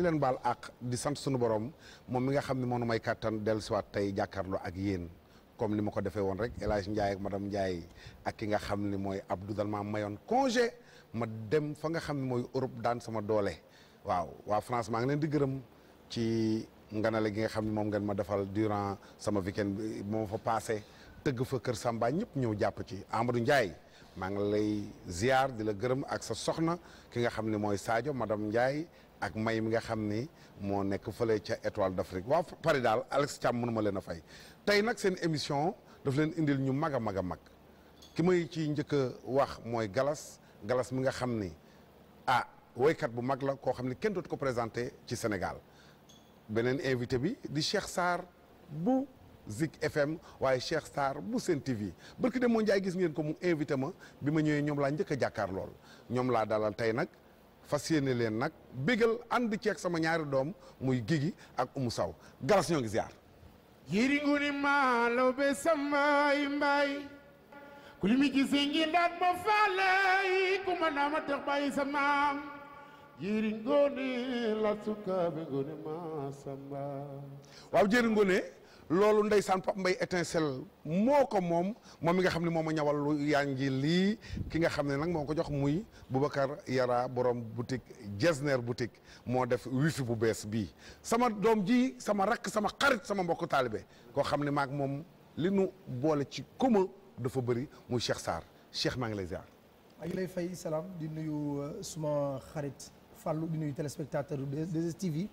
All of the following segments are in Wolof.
di leen baal àq di sant sunu borom moom mi nga xam ne moonu may kàttan dellusiwaat tey jàkkaarloo ak yéen comme ni ma ko defee woon rek El Hadj madam ak Ndiaye ak ki nga xam ni mooy Abdou dal mayoon congé ma dem fa nga xam mooy Europe daan sama doole waaw waa France maa ngi leen di gërëm ci nganale gi nga xam ne moom ngeen ma defal duran sama weekend moom fa passé tëgg fa Kër Samba ñëpp ñëw jàpp ci Amadou Ndiaye maa ngi lay ziar di la gërëm ak sa soxna ki nga xam ne mooy Sadio madam Ndiaye ak may mi nga xam ni moo nekk fële ca étoile d'Afrique waa Paris daal Alex Thiam ma leen a fay tey nag seen émission daf leen indil ñu mag a mag a mag ki may ci njëkk a wax mooy Galas Galas mi nga xam ni ah waykat bu mag la koo xam ni kenn dootu ko présenté ci Sénégal beneen invité bi di Cheikh Sarr bu Zik FM waaye Cheikh Sarr bu Sen TV barki de moo njaay gis ngeen ko mu invité ma bi ma ñëwee ñoom laa njëkk a jàkkaar lool ñoom laa dalal tey nag fas yéene leen nag bégal ànd ceeg sama ñaari doom muy Gigi ak Umu Saw garas ñoo ngi ziar yéri nguni ma law be samay mbaay ku li mi gisi ngi ndaat ma faale ku ma naama tax sa maam yéri ngoni la sukaabe ngoni ma samba waaw jëri ngone loolu ndeysaan Pape Mbaye étincelle moo ko moom moom mi nga xam ne moom a ñawal yaa ngi lii ki nga xam ne nag moo ko jox muy Boubacar Yara borom boutique Jesner boutique moo def wifi bu bees bii sama doom ji sama rakk sama xarit sama mbokk taalibe koo xam ne maak moom li nu boole ci commun dafa bëri muy Cheikh Sarr Cheikh maa ngi lay ziar. maa lay fay salaam di nuyu euh, suma xarit Fallou di yu téléspectateur 2STV.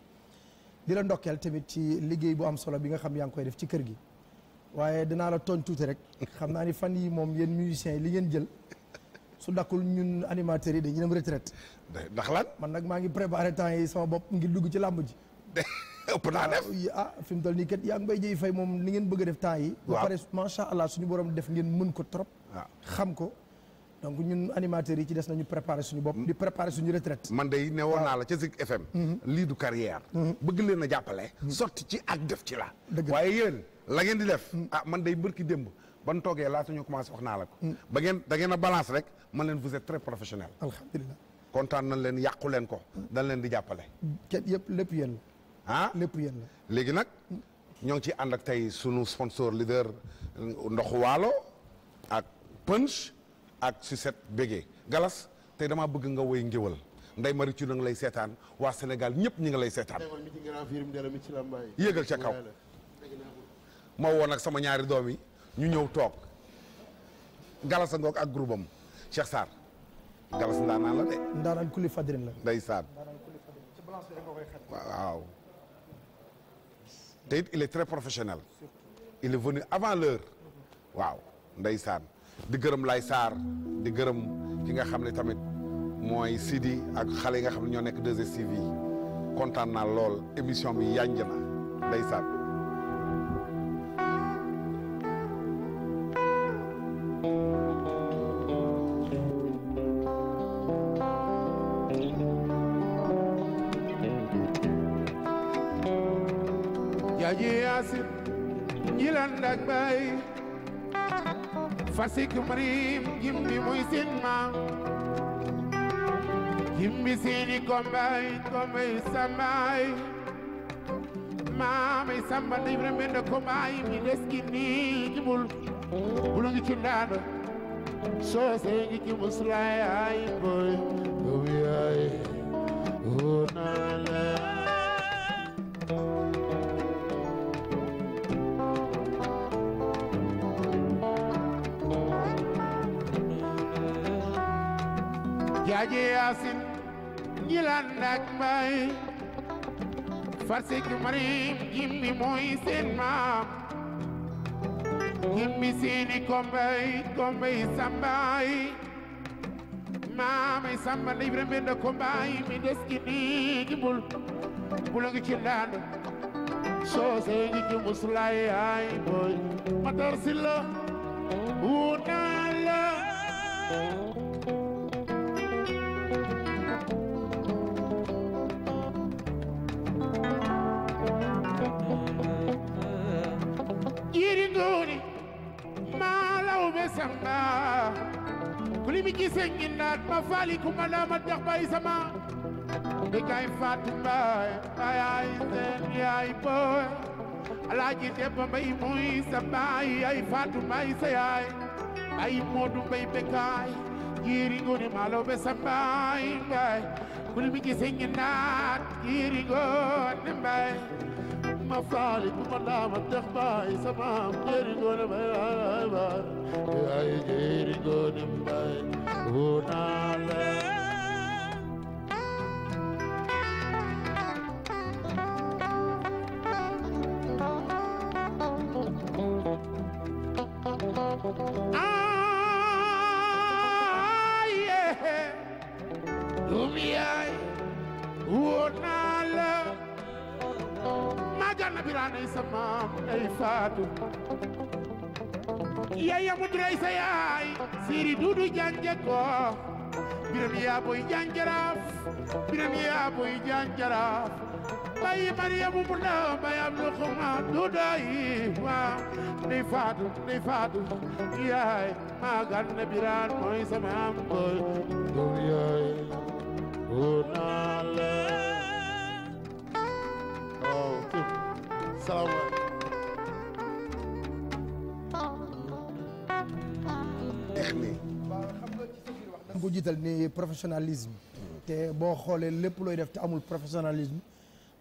di la ndokkeel tamit ci liggéey bu am solo bi nga xam yaa ngi koy def ci kër gi waaye dinaa la tooñ tuuti rek xam naa ni fan yi moom yéen musiciens yi li ngeen jël su dakkul ñun animateurs yi dañuy dem retraite ndax lan man nag maa ngi préparé temps yi sama bopp ngir dugg ci làmb ji ëpp naa def ah, ah fi mu toll nii kat yaa ngi bay jëy fay moom li ngeen bëgg a def temps yi ba pare macha allah suñu borom def ngeen mën ko trop xam ko donc ñun animateurs yi ci des nañu préparer suñu bopp. di préparer suñu retraite. man day ne woon naa la ca Zik FM. Mhm. lii du carrière. Mhm. bëgg leen a jàppale. Mhm. sotti ci ak def ci la. waaye yéen la ngeen di def. ah man day bërki démb. ban toogee laata ñu commencé wax naa la ko. ba ngeen da ngeen balance rek man leen vous êtes très professionnel. alhamdulilah kontaan nañ leen yàqu leen ko. dañ leen di jàppale. kenn yëpp lépp yéen la. ah lépp yéen léegi nag ñoo ngi ciy ànd ak tey sunu sponsor leader ndoxu waalo ak ak Sucette Bégé Galas tey damaa bëgg nga woy ngéwal Ndeye Marie Thiou ngi lay seetaan waa Sénégal ñëpp ñu nga lay seetaan. yéegal ca kaw. ma woon ak sama ñaari doom yi ñu ñëw toog Galas a ngoog ak groupe am Cheikh Sarr. Galas ndaanaan la de. ndaanaan kuli fadrin la. ndeysaan. waaw. te it il est très professionnel. il est venu avant l'heure waaw ndeysaan. di gërëm Lay Sarr di gërëm ki nga xam ne tamit mooy Sidi ak xale yi nga xam ne ñoo nekk 2STV kontaan naa lool émission bi yànj na ndeysaan sikkim riim yimbi muy seen maam yimbi seeni gombaay gombaay sambaay maamay samba ndey bira menda kombaay mi leski nii jibul bulu ngi ci ndaana soose ngi ci muslaay boy yaasin njilaan ndaak mbaay farse jumariim jimmi mooy seen maam jimmi seeni kombay kombay sambaay maamay samba nda ibrahim benda kombay mi deski nii jimbul bulangi ci laando soosee ngi jumbu sulay ay boy matar silla wuunaala serna kuli mi gise ginnaat ma faali kuma la ma dex bay sama de kay faatu mbaay ay seen yaay boy alaaji debba mbay muy sa baay ay faatu mbay sa yaay ay moodu mbay bekaay jiiri ngoni maalo be sa baay mbaay kuli mi gise ginnaat jiiri ngoni mbaay ma faali bu ma daama dex baay samaam jeeri goone baay baay baay ay jeeri goone baay woo naa leen biraan ay sa maam ay faatu yaay amut rey sa yaay siiri duudu janje ko biram yaa boy janjaraaf biram yaa boy janjaraaf bayi mariyamu mu ndaw bayam lu xuma duuday maam ndey faatu ndey faatu yaay maa gan na biraan mooy sa maam boy doo yaay oo naa la salaamaaleykum. bu jiital ni professionnalisme. te boo xoolee lépp looy def te amul professionnalisme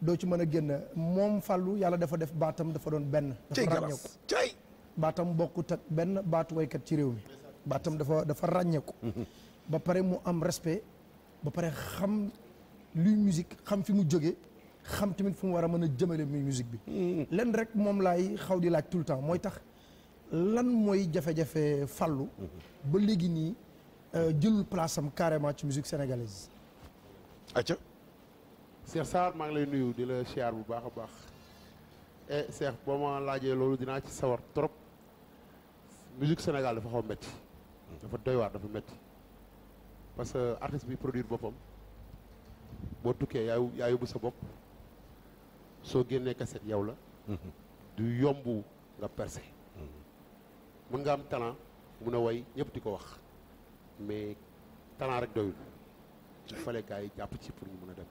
doo ci mën a génn moom fàllu yàlla dafa def baatam dafa doon benn. dafa ràññeeku baatam bokkut ak benn baatu waykat ci réew mi. baatam dafa dafa ràññeeku. ba pare mu am respect ba pare xam luy musique xam fi mu jóge xam tamit fu mu war a mën a jëmale muy musique bi hmm. lenn rek moom laay xaw di laaj toul le temps mooy tax lan mooy jafe-jafe fàllu hmm. ba léegi nii euh, jëlul place am carrément ci musique sénégalaise acca Cheikh Sarr maa ngi lay nuyu di la siyaar bu baax a baax e boo ma laajee loolu dinaa ci sawar trop musique Sénégal dafa xaw metti hmm. dafa doy dafa metti parce que artiste bi produire boppam boo tukkee yaay yaay yóbbu sa bopp soo génnee kaset yow la mhm. du yomb nga percé mhm. mën nga am talent mun a way ñëpp di ko wax mais talent rek doyul il fallait gars yi jàpp ci pour ñu mun a dem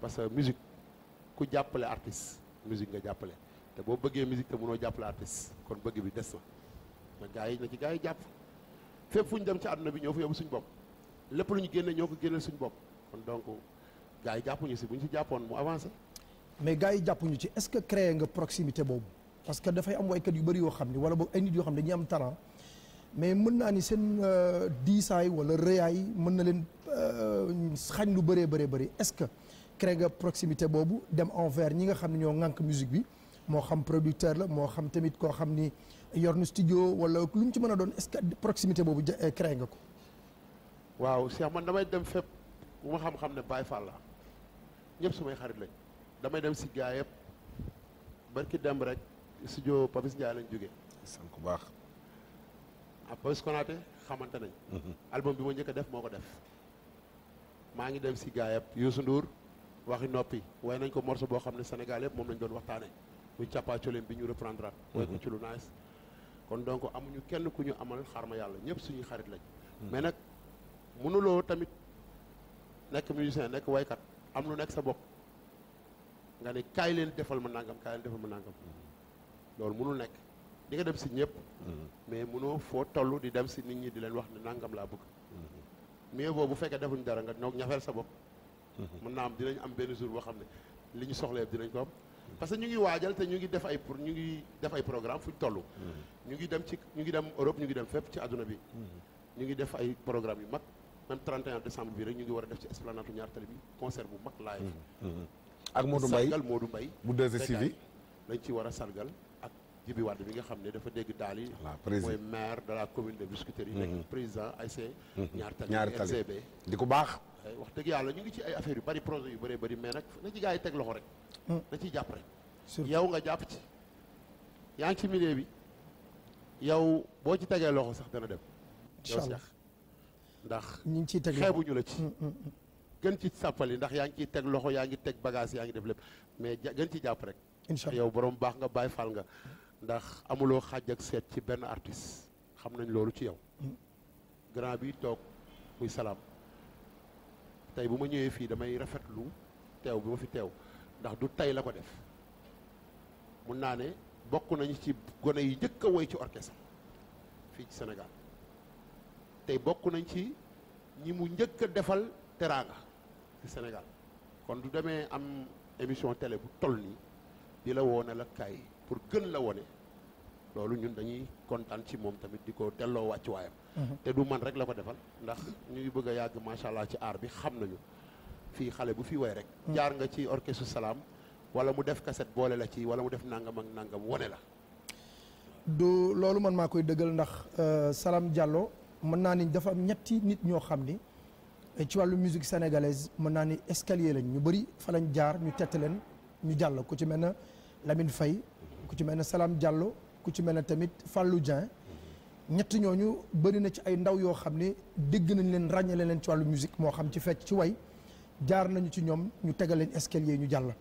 parce que musique ku jàppale artiste musique nga jàppale te boo bëggee musique te mënoo jàppale artiste kon bëgg bi des na na gars yi na ci gars yi jàpp fépp fu ñu dem ci àdduna bi ñoo fa yóbbu suñu bopp lépp lu ñu génne ñoo ko génneel suñu bopp kon donc gars yi ñu si bu ñu si jàppoon mu avancé mais gars yi jàppuñu ci est-ce que créer nga proximité boobu parce que dafay am waykat yu bëri yoo xam ni wala boog ay nit yoo xam ne dañuy am talent mais mën naa ni seen euh, diisaay wala rëyaay mën na leen euh, xañ lu bëree bëree bëri est-ce que créer nga proximité boobu dem envers ñi nga xam ne ñoo ŋànk musique bi moo xam producteur la moo xam tamit koo xam ni yor na studio wala lu mu ci mën a doon est-ce que proximité boobu euh, créer nga ko. waaw Cheikh man damay dem fépp bu ma xam-xam ne Baye Fall ñëpp sumay xarit damay dem si gaa yëpp barki dem rek si studio Papis Ndiaye lañ jóge sant bu baax. ah Papis Konaté xamante nañ. Mhm. album bi ma njëkk a def moo ko def. maa ngi dem si gaa yëpp Youssou Ndour waxi noppi way nañ ko morceau boo xam ne Sénégal yëpp moom lañ doon waxtaanee muy càppaacoleem bi ñu reprendre mhm. way ko ci lu kon donc amuñu kenn ku ñu amal xarma yàlla ñëpp suñuy xarit lañ. Mhm. mais nag mënuloo tamit nekk musicien nekk waykat am lu nekk sa bopp. nga ne kaay leen defal ma nangam kaay leen defal ma nangam loolu mënul nekk di nga dem si ñëpp mm-hmm. mais mënoo foo toll di dem si nit ñi di leen wax ne nangam laa bëgg mm-hmm. mais boobu bu fekkee defuñ dara nga noog ñafeel sa bopp mm-hmm. mën naa am dinañ am benn jour boo xam ne li ñu soxla yëpp dinañ ko am parce que ñu ngi waajal te ñu ngi def ay pour ñu ngi def ay programme fuñ tollu ñu ngi dem ci ñu ngi dem Europe ñu ngi dem fépp ci àdduna bi ñu ngi def ay programme yu mag même 31 décembre bi rek ñu ngi war a def ci esplanade ñaar tali bi concert bu mag live ak Modou Mbaye Modou Mbaye bu 2STV lañ ci war a sargal ak Djibi Wade bi nga xam ne dafa dégg daal yi mooy maire de la commune de Biscuiterie mhm. nekk président ASC mhm. ñaar tali ñaari tali RGB di ko baax eh, wax dëgg yàlla ñu ngi ci ay affaires yu bari projet yu bëree bëri mais nag na ci yi teg loxo rek mm. na ciy jàpp rek yow nga jàpp ci yaa ngi ci milieu bi yow boo ci tegee loxo sax dana dem yow Cheikh ndax ñu ngi ciy teg xeebuñu la ci mm, mm, gën ci sàppali ndax yaa ngi ciy teg loxo yaa ngi teg bagage yaa ngi def lépp mais gën ci jàpp rek incha yow borom baax nga bàyyi fal nga ndax amuloo xaaj ak seet ci benn artiste xam nañ loolu ci yow hmm. grand bi toog muy salaam tey bu ma ñëwee fii damay rafetlu teew bu ma fi teew ndax du tey la ko def mun naa ne bokk nañu ci gone yi njëkk a woy ci orchestre fii ci Sénégal tey bokk nañ ci ñi mu njëkk a defal teraanga Sénégal kon du demee am émission télé bu toll nii di la woone la kaay pour gën la wone loolu ñun dañuy kontaan ci moom tamit di ko delloo wàccuwaayam. Mhm. te du man rek la ko defal ndax ñuy bëgg a yàgg macha ci aar bi xam nañu fii xale bu fi woy rek. Mhm. jaar nga ci orchestre salaam wala mu def kaset boole la ci wala mu def nangam ak nangam wone la. du loolu man maa koy dëggal ndax euh, salaam Diallo mën naa ni dafa am ñetti nit ñoo xam ni. ci wàllu musique sénégalaise mën naa ni escalier lañ ñu bëri fa lañ jaar ñu tett leen ñu jàll ku ci mel na Lamine Faye ku ci mel na Salam Diallo ku ci mel na tamit fallu Dieng ñett ñooñu bëri na ci ay ndaw yoo xam ne dégg nañ leen ràññale leen ci wàllu musique moo xam ci fecc ci way jaar nañu ci ñoom ñu tegal leen escalier ñu jàll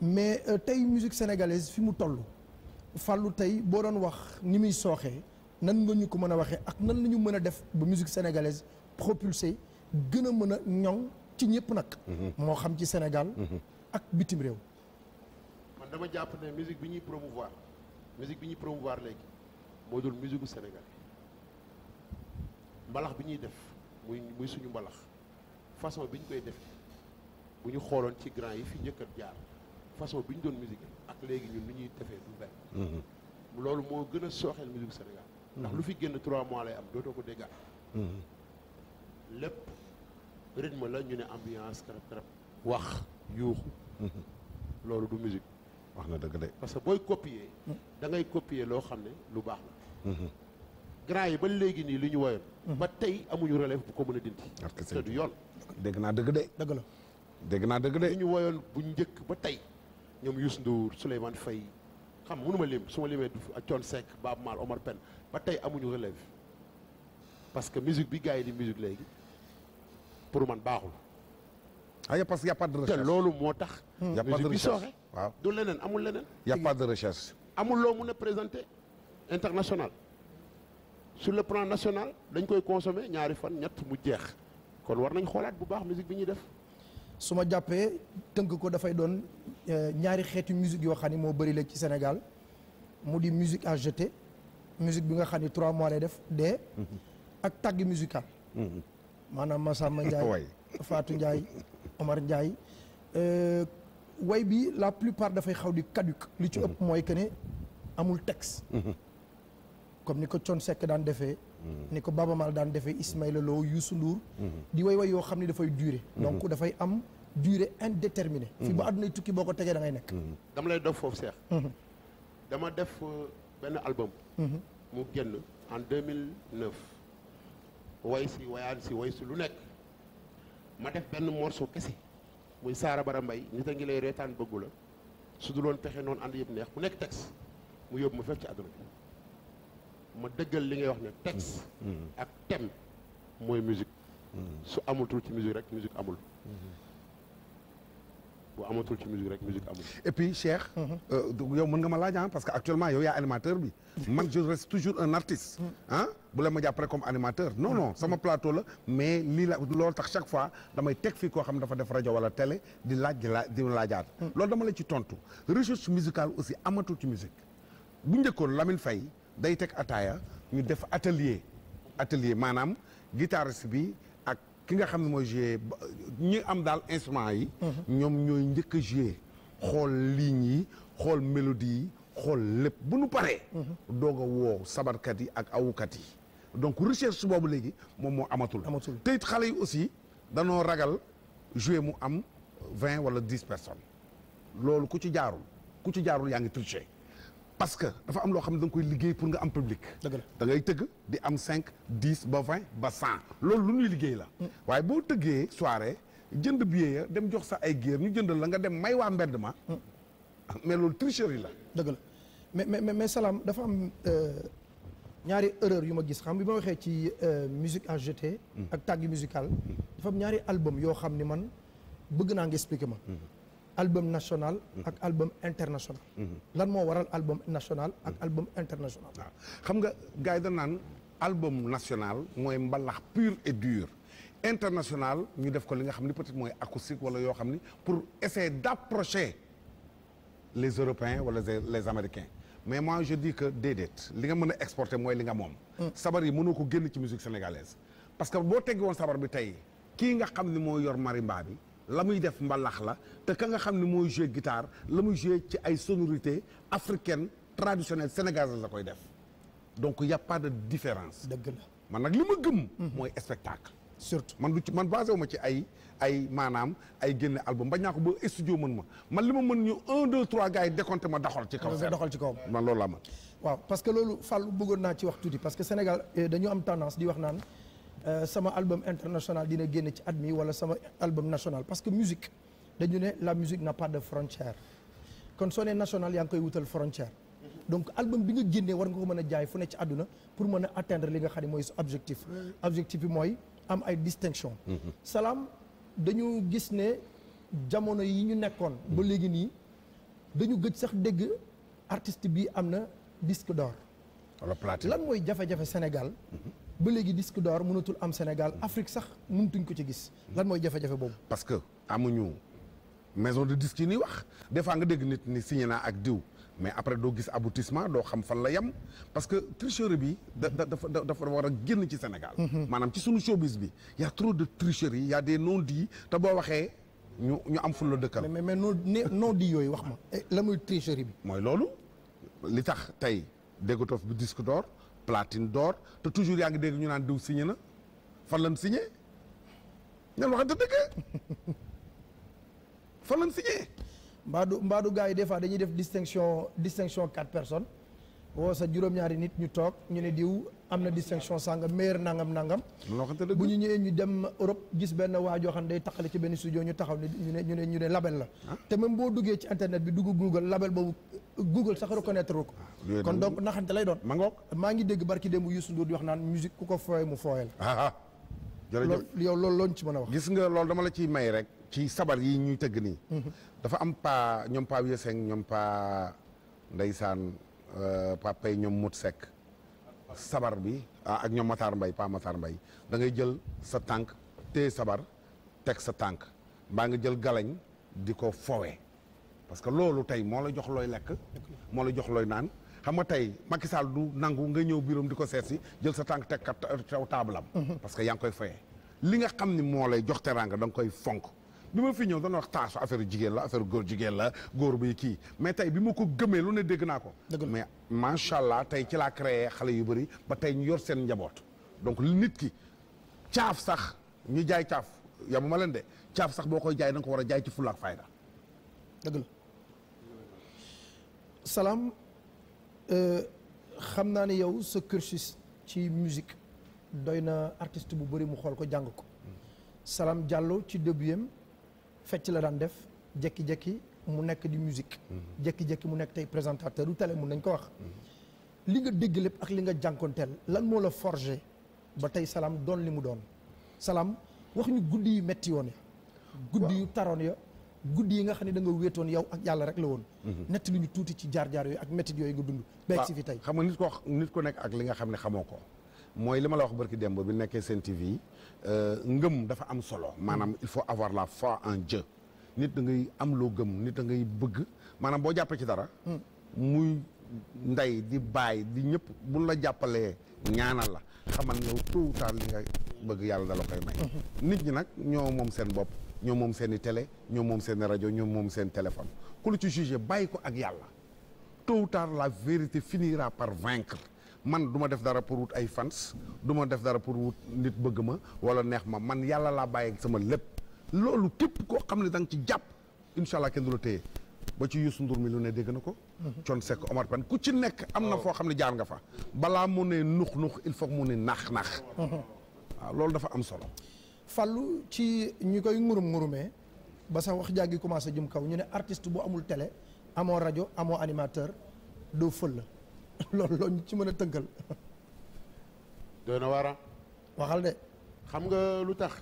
mais euh, tey musique sénégalaise fi mu toll fallu tey boo doon wax ni muy sooxee nan nga ñu ko mën a waxee ak nan lañu mën a def ba musique sénégalaise propulsée gën a mën a ñoŋ ci ñëpp nag. moo xam ci Sénégal. ak bitim réew. man dama jàpp ne musique bi ñuy promovoir musique bi ñuy promouvoir léegi moo dul musique bu Sénégal mbalax bi ñuy def muy muy suñu mbalax façon bi ñu koy defee bu ñu xooloon ci grand yi fi njëkkat jaar façon bi ñu doon musique ak léegi ñun ni ñuy defee du benn. Mhm. loolu moo gën a sooxeel musique senegal ndax lu fi génn trois mois lay am dootoo ko déggaat. Mhm. lépp rythme la ñu ne ambiance karab karab wax yuuxu loolu du musique wax na dëgg de parce que booy copier dangay ngay loo xam ne lu baax la mhm. grand yi ba léegi nii li ñu woyoon mhm. ba tey amuñu relève bu ko mën a dindi te du yoon dégg naa dëgg de dëgg la dégg naa dëgg de ñu woyoon bu njëkk ba tey ñoom Youssou Ndour Souleymane fay xam mënu ma lim su ma limee Thione Seck Baaba Maal Omar Pène ba tey amuñu relève parce que musique bi gars yi di musique léegi pour man baaxul. ah parce que y' a pas de loolu moo tax. Hmm. y' a de recherche waaw du leneen amul leneen. y' a pas de recherche. amul loo mun international sur le plan national dañ koy consommer ñaari fan ñett mu jeex kon war nañ xoolaat bu baax musique bi ñuy def. su ma jàppee tënk ko dafay doon euh, ñaari xeetu musique yoo xam ni moo bëri léegi ci Sénégal mu di musique à jeter musique bi nga xam ni trois mois lay def dee. Mm-hmm. ak tagg musical. Mm-hmm. maanaam Massamba Ndiaye Fatou njaay Omar njaay euh, way bi la plupart dafay xaw di caduc li ci ëpp mhm. mooy que ne amul texte mhm. comme ni ko Thione Seck daan defee mhm. ni ko Baaba Maal daan defee Ismaïla Lo Youssou Ndour di way way yoo xam ne dafay durer donc dafay am durée indéterminée fi ba àdduna tukki boo ko tegee da nekk dama lay dof foofu seex dama def euh, benn album mu génn en way si wayaan si way si lu nekk ma def benn morceau kese muy Saara Bara Mbay nit a ngi lay reetaan bëggu la su du loon pexe noonu ànd yëpp neex mu nekk texte mu yóbbu ma fépp ci àdduna bi ma dëggal li ngay wax ne texte mm-hmm. ak thème mooy musique mm-hmm. su amul tuuti ci musique rek musique amul mm-hmm. bu amatul ci musique rek musique amul. et puis Cheikh. Euh, yow mën nga ma laaj ah parce que actuellement yow yaa animateur bi. man je toujours un artiste. Ah, bu la ma jàppale comme animateur. non non sama plateau la mais lii la loolu tax chaque fois damay teg fii koo xam dafa def rajo wala télé di laaj di laaj di laajaat. loolu dama la ci tontu recherche musicale aussi amatul ci musique bu njëkkoon Lamine Faye day teg ataaya ñu def atelier atelier maanaam guitariste ki nga xam ne mooy joué ñi am daal instrument yi. ñoom ñooy njëkk a joué xool ligne yi xool mélodie yi xool lépp bu nu paree. doog a woo sabarkat yi ak awukat yi donc recherche boobu léegi moom moo amatul. amatul te xale yi aussi danoo ragal joué mu am vingt wala dix personnes loolu ku ci jaarul ku ci jaarul yaa ngi tricher. parce que dafa am loo xam ne danga koy liggéey pour nga am public. da ngay tëgg di am cinq dix ba vingt ba cent loolu lu ñuy liggéey la. waaye boo tëggee soirée jënd billet ya dem jox sa ay géer ñu jëndal la nga dem may waa mbedd ma. Ah, mais loolu tricherie la. dëgg la mais mais mais salaam dafa am euh, ñaari erreur yu ma gis xam bi ma waxee ci euh, musique à jeter. Mm. ak tàgg musical. dafa am ñaari album yoo xam ni man bëgg naa ngi expliquer ma. Mm-hmm. album national ak album international lan moo waral album national ak album international waaw xam nga gars da naan album national mooy mbalax pur et dur international ñu def ko li nga xam ni peut-être mooy acoustique wala yoo xam ni pour essayer d'approcher les Européens wala les Américains mais moi je dis que déedéet li nga mën a exporter mooy li nga moom mm. sabar yi mënoo ko génn ci musique sénégalaise parce que boo teggi woon sabar bi tey kii nga xam ni moo yor marimba bi la muy def mbalax la te ka nga xam ne mooy jouer guitare la muy jouer ci ay sonorités africaines traditionnelles sénégalaises la koy def donc y a pas de différence. dëgg la man nag li ma gëm. mooy spectacle. surtout man du ci man basé wu ma ci ay ay maanaam ay génne album bañ naa ko ba studio mën ma man li ma mën ñu un deux trois gars yi ma doxal ci kaw. doxal ci kaw man loolu laa man waaw parce que loolu Fall bëggoon naa ci wax tuuti parce que Sénégal eh, dañu am tendance di wax naan. Euh, sama album international dina génn ci at mi wala sama album national parce que musique dañu ne la musique n'a pas de frontière kon soo national yaa ngi koy wutal frontière donc album bi nga génnee war nga ko mën a jaay fu ne ci àdduna pour mën a atteindre li nga xam ne mooy objectif objectif bi mooy am ay distinction mhm. salaam dañu gis ne jamono yi ñu nekkoon ba léegi nii dañu gëj sax dégg artiste bi am na disque d'or wala lan mooy jafe-jafe Sénégal mhm. ba léegi disque door mënatul am Sénégal Afrique sax tuñ ko ci gis. lan mooy jafe-jafe boobu. parce que amuñu maison de disque yi ñuy wax des fois nga dégg nit ni signé naa ak diw mais après doo gis aboutissement doo xam fan la yem parce que tricherie bi da dafa dafa war a génn ci Sénégal. Mhm. maanaam ci sunu showbiz bi y' a trop de tricherie y' a des non-dits te boo waxee ñu ñu am ful la dëkkal. mais mais non-dits yooyu wax ma. Eh, la muy tricherie bi. mooy loolu li tax tey déggoo bi disque platine door te toujours yaa ngi dégg ñu naan diw signé na fan lan signé ngeen waxante dëgg fan lan signé mbaadu mbaadu gars yi des fois dañuy def distinction distinction quatre personnes woo sa juróom-ñaari nit ñu toog ñu ne diw am na distinction sàngam meilleur nangam nangam. bu ñu ñëwee ñu dem Europe gis benn waa joo xam ne day taxale ci benn studio ñu taxaw ne ñu ne ñu ne ñu ne label la. Ah. te même boo duggee ci internet bi dugg Google label boobu Google sax reconnaître ko. Ah, kon donc te lay doon. ma ngoog maa ngi dégg barki démb Youssou Ndour di wax naan musique ku ko fooy mu fooyal. Ah, jërëjëf yow loolu looñ ci mën a wax. gis nga loolu dama la ciy may rek. ci sabar yi ñuy tëgg nii. Mhm. dafa am pa ñoom pa Wieseng ñoom pa ndeysaan Euh, papa yi ñoom mut sekk sabar bi ah, ak ñoom Matar bay pa Matar Mbay da jël sa tànk te sabar teg sa tànk mbaa nga jël galañ di ko fowe parce que loolu tey moo la jox looy lekk moo la jox looy naan xam nga tey Macky Sall du nangu nga ñëw biiram di ko seet si jël sa tànk teg ka taw taabalam mm-hmm. parce que yaa ngi koy foye li nga xam ni moo lay jox teraanga da nga koy fonk bi ma fi ñëw doon wax taasu affaire jigéen la affaire góor jigéen la góor buy kii mais tey bi ma ko gëmee lu ne dégg naa ko. mais macha allah tey ci laa créé xale yu bëri ba tey ñu yor seen njaboot. donc nit ki caaf sax ñu jaay caaf yamu ma leen de caaf sax boo koy jaay da ko war a jaay ci fulla ak fayda. la salaam euh, xam naa ne yow sa cursus ci musique doy na artiste bu bëri mu xool ko jàng ko. Salam Diallo ci débutam. fecc la daan def jékki-jékki mu nekk di musique mhm. jékki-jékki mu nekk tey présentateur du télé mun nañ ko wax mhm. li nga dégg lépp ak li nga jànkonteel lan moo la forger ba tey salaam doon li mu doon salaam wax ñu guddi yu metti yoon ya guddi yu taroon ya guddi yi nga xam ne danga nga wéetoon yow ak yàlla rek la woon mhm. nett lu ñu tuuti ci jaar-jaar yooyu ak métti yooyu nga dund beeg si fi tey xam nga nit ko ko nekk ak li nga xam ne xamoo ko mooy li ma la wax bërki démb bi nekkee seen TV euh, ngëm dafa am solo maanaam il faut avoir la foi en Dieu nit da ngay am loo gëm nit da ngay bëgg maanaam boo jàppee ci dara muy ndey di baay di ñëpp bu la jàppalee ñaanal la xaman yow tôt ou li nga bëgg yàlla dala koy may nit ñi nag ñoo moom seen bopp ñoo moom seen i télé ñoo moom seen i rajo ñoo moom seen téléphone ku lu ci jugé bàyyi ko ak yàlla tôt ou tard la vérité finira par vaincre man du ma def dara pour wut ay fans du ma def dara pour wut nit bëgg ma wala neex ma man yàlla laa bàyyi sama lépp loolu képp koo xam ne da nga ci jàpp incha allah kenn du la téye ba ci Youssou Ndour mi lu ne dégg na ko mhm. Thione Seck Omar Pène ku ci nekk am na oh. foo xam ne jaar nga fa balaa mu ne nux nux il faut mu ne nax naax mhm. loolu dafa am solo fàllu ci ñi koy ngurum ngurumee ba sa wax jàggi commencé jëm kaw ñu ne artist bu amul tele amoo rajo amoo animateur doo fël loolu loo ñu ci mën a tëggal doy na waar ah. waxal de. xam nga lu tax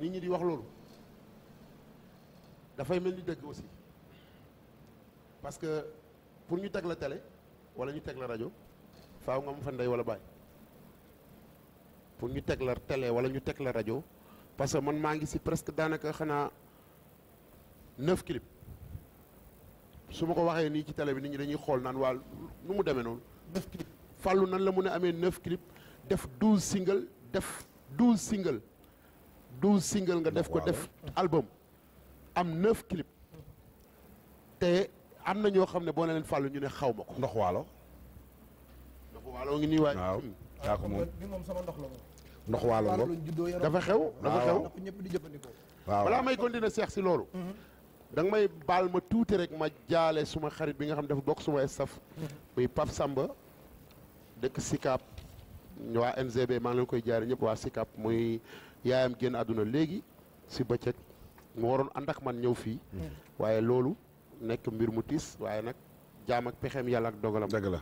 nit ñi di wax loolu dafay mel ni dëgg aussi parce que pour ñu teg la télé wala ñu teg la rajo faaw nga mu fa ndey wala baay pour ñu teg la télé wala ñu teg la rajo parce que man maa ngi si presque daanaka xanaa neuf clip. su ma ko waxee nii ci télé bi ni ñu dañuy xool naan waa nu mu demee noonu neuf clip fàllu nan la mun a amee neuf clip def douze single def douze single douze single nga def ko def album am neuf clip te am na ñoo xam ne boo ne leen fàllu ñu ne xaw ma ko ndox waalo ndox ngi nii waay yaa ko moom sama ndox la moom ndox waalo dafa xew dafa xew ñëpp di jëfandikoo balaa may continuer seex si loolu mm-hmm. danga may baal ma tuuti rek ma jaale suma xarit bi nga xam dafa bokk suma staff mm-hmm. muy Pape Samba dëkk Sicap waa NGB maa ngi koy jaare ñëpp waa Sicap muy yaayam génn àdduna léegi si bëccëg mu waroon ànd man ñëw fii mm-hmm. waaye loolu nekk mbir mu tiis waaye nag jaam ak pexeem yàlla ak dogalam dëgg la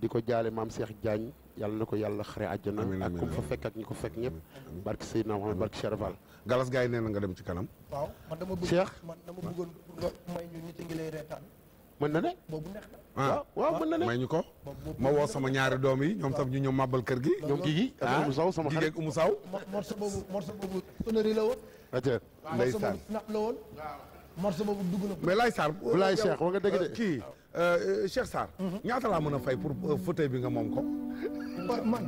di ko jaale maam seex Diagne yàlla na ko yàlla xare àjjana ak ku fa fekk ak ñi ko fekk ñëpp barki Seydina Mohamed barki galas gars yi nee na nga dem ci kanam. waaw man dama bëgg Cheikh man dama bëggoon pour nga may ñu nit ngi lay reetaan. mën na ne. boobu neex na. Ah. waaw waaw mën na ne may ñu ko. ma woo sama ñaari doom yi ñoom tam ñu ñëw màbbal kër gi. ñoom kii gi ak ah, Umu Saw sama xarit kii gi ak Umu Saw. morso boobu morso boobu honneur la woon. rajo Ndeye Sarr napp la woon. morso boobu dugg na ko. mais Laye Sarr. Euh, Laye Cheikh wa nga dégg de euh, kii euh, Cheikh Sarr. ñaata laa mën a fay pour fauteuil bi nga moom ko. ba man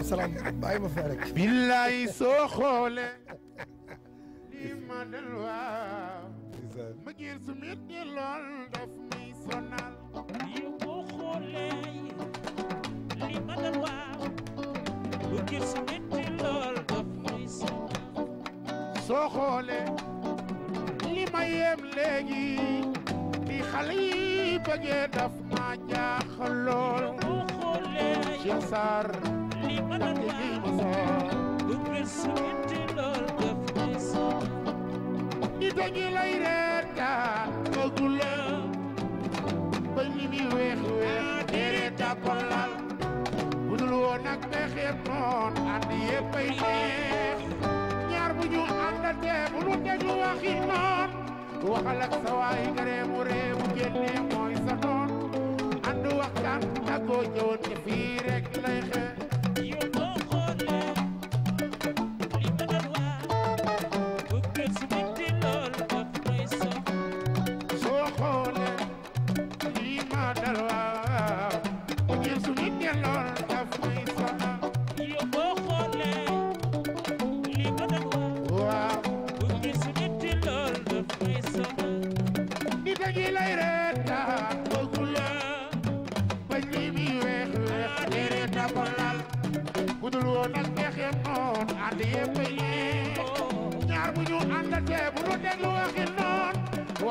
asalaam bàyyi ma fee billaay soo xoolee. lii ma dal waaw. ma gis su mit lool daf may soo xoolee. li ma yem léegi. li xale yi bëggee daf ma jaaxal lool. Cheikh Sarr li ma du gëstu itti lool daf lay soor nit lay reetaan bëggu la ba ñu ni weex weex déedéet ko lal bu dul woon ak pexe noon ànd yëpp ay neex ñaar bu ñu àndatee bu ñu déglu waxi noon waxal ak sa waay nga réew mu réew génnee sa noon waxtaan tàggoo ñëwoon te fii rek lay xew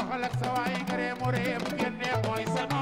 waxal ak sa waay nga ree mu ree mu génnee mooy sama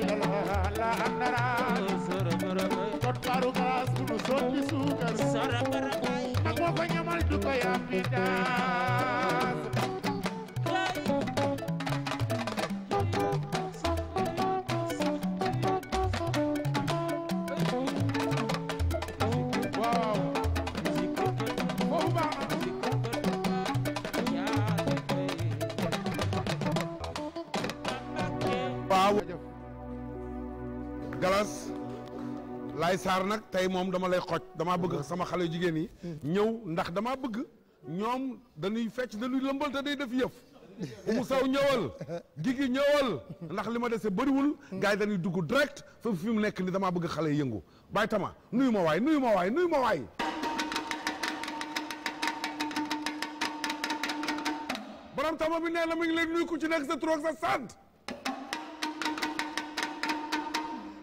illallah la andara sarabaraba totbaru gas du sotti suukar sarabaraba ak moo ko ñamal du ko yàppi daa galas lay saar nag tey moom dama lay xoj damaa bëgg mm-hmm. sama xale jigéen yi mm-hmm. ñëw ndax damaa bëgg ñoom dañuy fecc dañuy lëmbal te day def yëf umu saw ñëwal gigi ñëwal ndax li ma dese bëriwul mm-hmm. gars yi dañuy dugg direct fa fi mu nekk ni damaa bëgg xale yëngu bàyyi tama nuyu ma waay nuyu ma waay nuyu ma waay borom tama bi nee na mi ngi leen nuyu ku ci nekk sa tur sa sant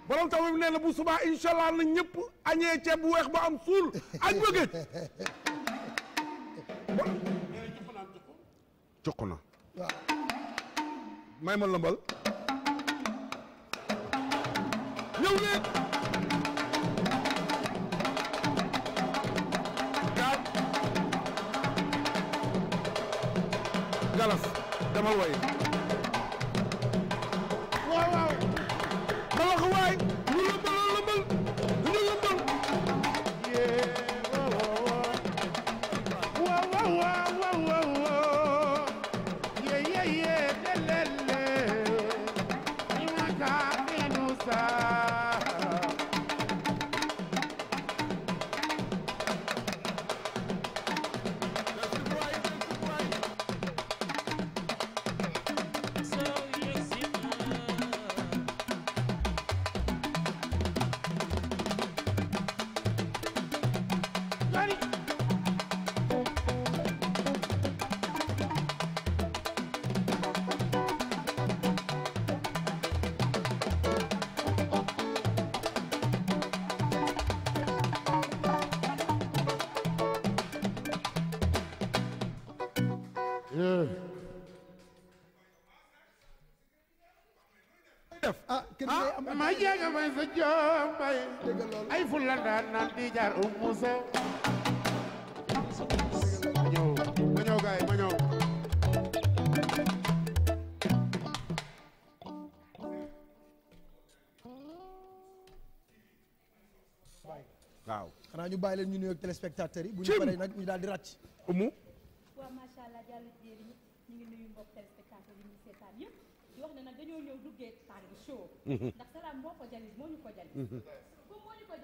borom taw bi nee na bu subaa incha allah na ñëpp añee ceeb bu weex ba am suul añ ba géej. jox na. waaw. may ma def ah kenn day am ah, ma jega may sa joom bay ay ful la daan di jaar Oumou Sow ma ñëw ma ñëw xanaa ñu bàyyi leen ñu nuyu ak yi bu ñu daal di ràcc Oumou waaw macha allah jàll jéeri ñu ngi nuyu mbokk téléspectateurs yi ñu seetaan yëpp wax ne nag dañoo ñëw duggee tàng show mhm. moo ñu ko jalis comme moo ñu ko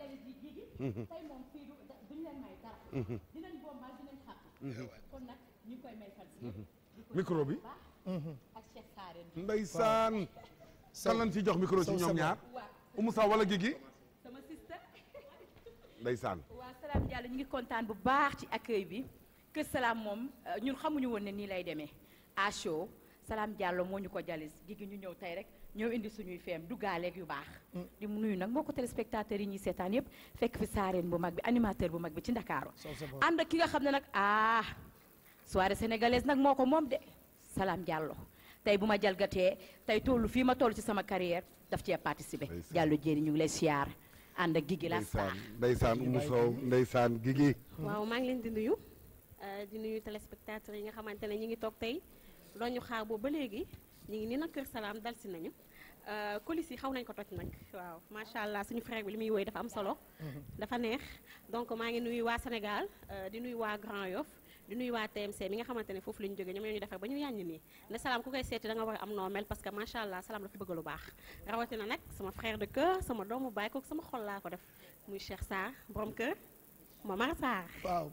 jalis micro bi mhm. ak Cheikh Saare ndeysaan kan lañ ci jox micro ci ñoom ñaar Oumou Sow wala Guigui sama sister ndeysaan waaw Salam Diallo ñu ngi kontaan bu baax ci accueil bi que Salam moom euh, ñun xamuñu woon ne nii lay deme à show salaam Diallo moo ñu ko jalis gigi ñu ñëw tey rek ñëw indi suñuy feem duggaaleeg yu baax mm. di mu nuyu nag mbokku téléspectateurs yi ñuy seetaan yépp fekk fi saareen bu mag bi animateur bu mag bi ci Ndakaaru ànd ak ki nga xam ne nag ah soirée sénégalaise nag moo ko moom de salaam Diallo tey bu ma jalgatee tey tollu fii ma toll ci sama carrière daf cee participer Diallo jéeri ñu ngi lay siyaar ànd ak gigi la star ndeysaan Umu Sow ndeysaan gigi waaw maa ngi leen di nuyu euh, di nuyu téléspectateurs yi nga xamante ne ñu ngi toog tey loo ñu xaar boobu ba léegi ñu ngi nii nag Kër Salaam dal si nañu euh, colis yi xaw nañ ko toj nag waaw macha allah suñu frère bi li muy woy dafa am solo. Mhm. dafa neex donc maa ngi nuyu waa Sénégal euh, di nuyu waa Grand Yoff di nuyu waa TMC mi nga xamante ne foofu la ñu jógee ñoom ñoo ñu defar ba ñu yàññ nii ne salaam ku koy seeti da war a am noo mel parce que macha allah salaam dafa bëgg lu baax. rawatina nag sama frère de cœur sama doomu baay kooku sama xol laa ko def muy Cheikh Sarr borom kër Momar Sarr.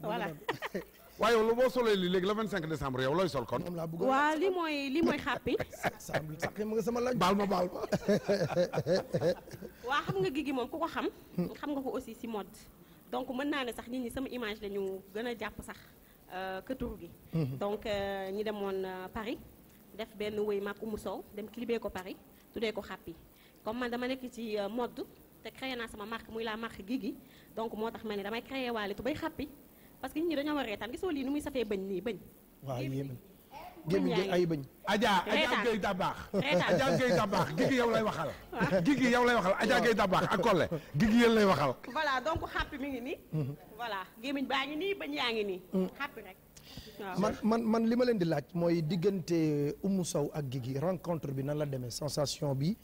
waaw waaye yow lu boo solee lii léegi le 25 décembre yow looy sol kon. moom laa bëgg waaw lii mooy lii mooy xàppi. sàmm sama laaj. baal ma baal ma. waa xam nga gi gi moom ku ko xam. xam nga ko aussi si mode. donc mën naa ne sax nit ñi sama image la ñu gën a jàpp sax que euh, gi. Mhm. donc euh, ñi demoon euh, Paris. def benn wéy maag Oumou Sow dem clibé ko Paris tuddee ko xàppi comme man dama nekk ci mode te créé naa sama marque muy la marque gi donc moo tax ma ne damay créé waale tubay xàppi. parce que nit ñi dañoo war reetaan gisoo lii nu muy safee bëñ nii bëñ. waaw yéen gémmiñ gi ay bëñ. Adja Adja Gueye Dabaax. Adja Gueye Dabaax gigi lay waxal. gigi yow lay waxal Adja Gueye Dabaax ak Kole gigi yéen lay waxal. voilà donc xàppi mi ngi nii. Mhm. baa ngi nii bëñ yaa ngi nii. Mhm. xàppi rek. man man li ma leen di laaj mooy diggante euh, Oumou Sow ak Guigui rencontre bi nan la demee sensation bi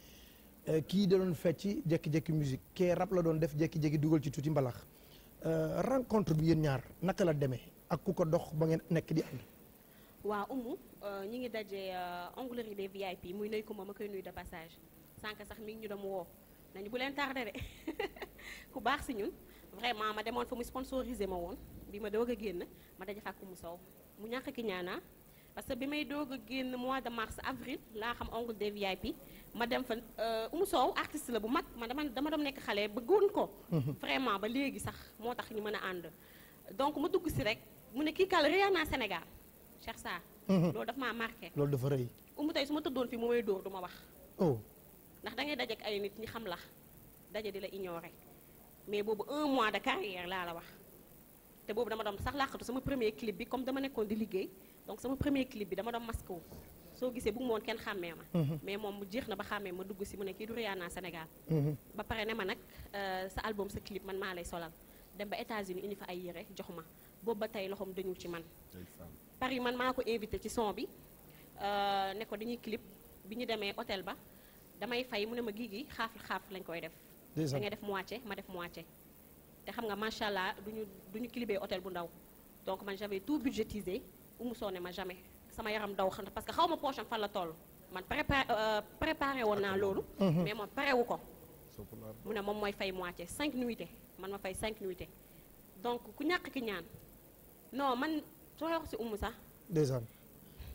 euh, kii da doon fecc jékki-jékki musique kee rap la doon def jékki-jékki dugal ci tuuti mbalax Euh, rencontre bi yéen ñaar naka la demee ak ku ko dox ba ngeen nekk di ànd. waaw umu euh, ñi ngi daje Honglerie euh, des VIP muy nuyu ko moom ma koy nuyu de passage sànq sax mi ngi ñu doon woo nañu bu leen tardé de ku baax si ñun vraiment ma demoon fa mu sponsorisé ma woon bi ma doog a génn ma daje fa ak Umu mu ñàkk ki ñaanaa parce que bi may doog a génn mois de mars avril laa xam oncle des VIP ma dem fa euh, Oumou Sow artiste la bu mag ma dama dama doon nekk xale bëggoon ko. Mhm. vraiment ba léegi sax moo tax ñu mën a ànd. donc ma dugg si rek mu ne kii kàll Rihanna Sénégal Cheikh Sarr. Mhm. loolu dafa maa marqué. loolu dafa rëy. Oumou tey su ma tëddoon fii mu may dóor du ma wax. Oh. ndax da ngay daje ak ay nit ñi xam la daje di la ignoré mais boobu un mois de carrière laa la wax te boobu dama doon sax làqatu sama premier clip bi comme dama nekkoon di liggéey. donc sama premier clip bi dama doon masque wu soo gisee bu mu kenn xàmmee ma mhm. mais moom mu jeex na ba xàmmee ma dugg si mu ne kii du Rihanna Sénégal mhm. ba pare ne ma nag euh, sa album sa clip man maa lay solal dem ba États-Unis indi fa ay yére jox ma boobu ba tey loxoom dañu ci man par Paris man maa ko invité ci son bi euh, ne ko dañuy clip bi ñu demee hôtel ba damay fay mu ne ma gii gi xaaf xaaf lañ koy def da ngay def moitié ma def moitié te xam nga macha allah duñu duñu clipé hôtel bu ndaw donc man j'avais umu ne ma jamais sama yaram daw xam parce que xaw ma poche am fan la toll man euh, préparé woon naa loolu. Mhm. mais moom pare wu ko. mu ne moom mooy fay moitié cinq nuitées man ma fay cinq nuitées donc ku ñàkk ki ñaan non man soo wax si umu sax.